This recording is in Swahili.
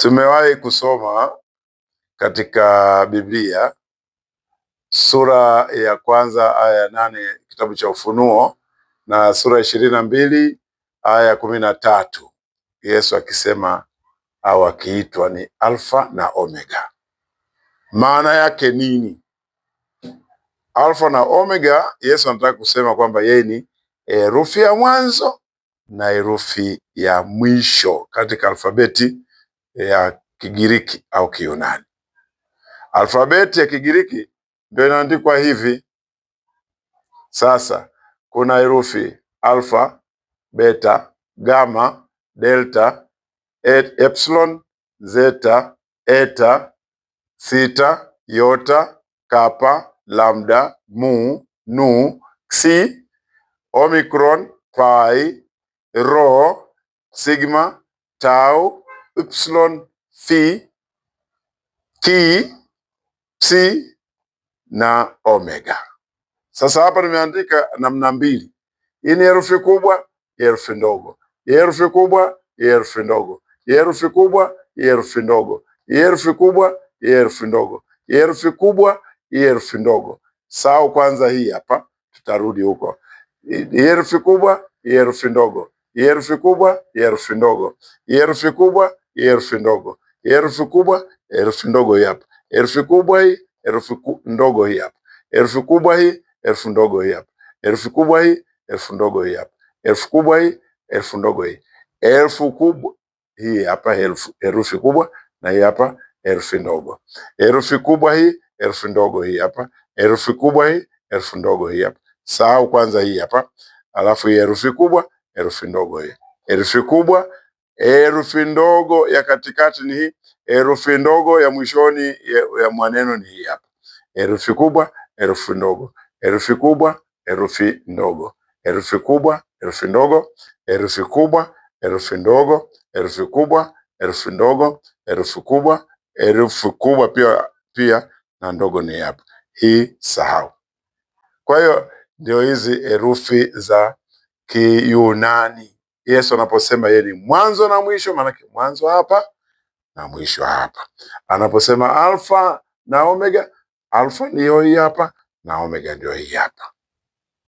Tumewahi kusoma katika Biblia sura ya kwanza aya ya nane kitabu cha Ufunuo na sura ishirini na mbili aya ya kumi na tatu Yesu akisema au akiitwa ni Alfa na Omega. Maana yake nini? Alfa na Omega, Yesu anataka kusema kwamba yeye ni herufi ya mwanzo na herufi ya mwisho katika alfabeti ya Kigiriki au Kiyunani. Alfabeti ya Kigiriki ndio inaandikwa hivi. Sasa kuna herufi alfa, beta, gama, delta, et, epsilon, zeta, eta, sita, yota, kapa, lambda, mu, nu, xi, omicron, pai, rho, sigma, tau, epsilon, phi, t, psi na omega. Sasa hapa nimeandika namna mbili. Hii ni herufi kubwa, herufi ndogo, herufi kubwa, herufi ndogo, herufi kubwa, herufi ndogo, herufi kubwa, herufi ndogo, herufi kubwa, herufi ndogo. Sawa, kwanza hii hapa, tutarudi huko. Herufi kubwa, herufi ndogo, herufi kubwa, herufi ndogo, herufi kubwa, hii herufi ndogo, hii herufi kubwa, herufi ndogo hii hapa, herufi kubwa hii, herufi ndogo hii hapa, herufi kubwa hii, herufi ndogo hii hapa, herufi kubwa hii, herufi ndogo hii hapa, herufi kubwa hii, herufi ndogo hii, herufi kubwa hii hapa, herufi kubwa na hii hapa herufi ndogo, herufi kubwa hii, herufi ndogo hii hapa, herufi kubwa hii, herufi ndogo hii hapa. Sahau kwanza hii hapa, alafu hii herufi kubwa, herufi ndogo hii, herufi kubwa Herufi ndogo ya katikati ni hii, herufi ndogo ya mwishoni ya, ya ni hii hapa. Herufi kubwa, herufi ndogo, herufi kubwa, herufi ndogo, herufi kubwa, herufi ndogo, herufi kubwa, herufi ndogo, herufi kubwa, herufi ndogo, herufi kubwa, herufi kubwa pia pia na ndogo ni hapa. Hii sahau. Kwa hiyo ndio hizi herufi za Kiyunani. Yesu anaposema yeye ni mwanzo na mwisho, maanake mwanzo hapa na mwisho hapa. Anaposema alfa na omega, alfa ndiyo hii hapa na omega ndiyo hii hapa.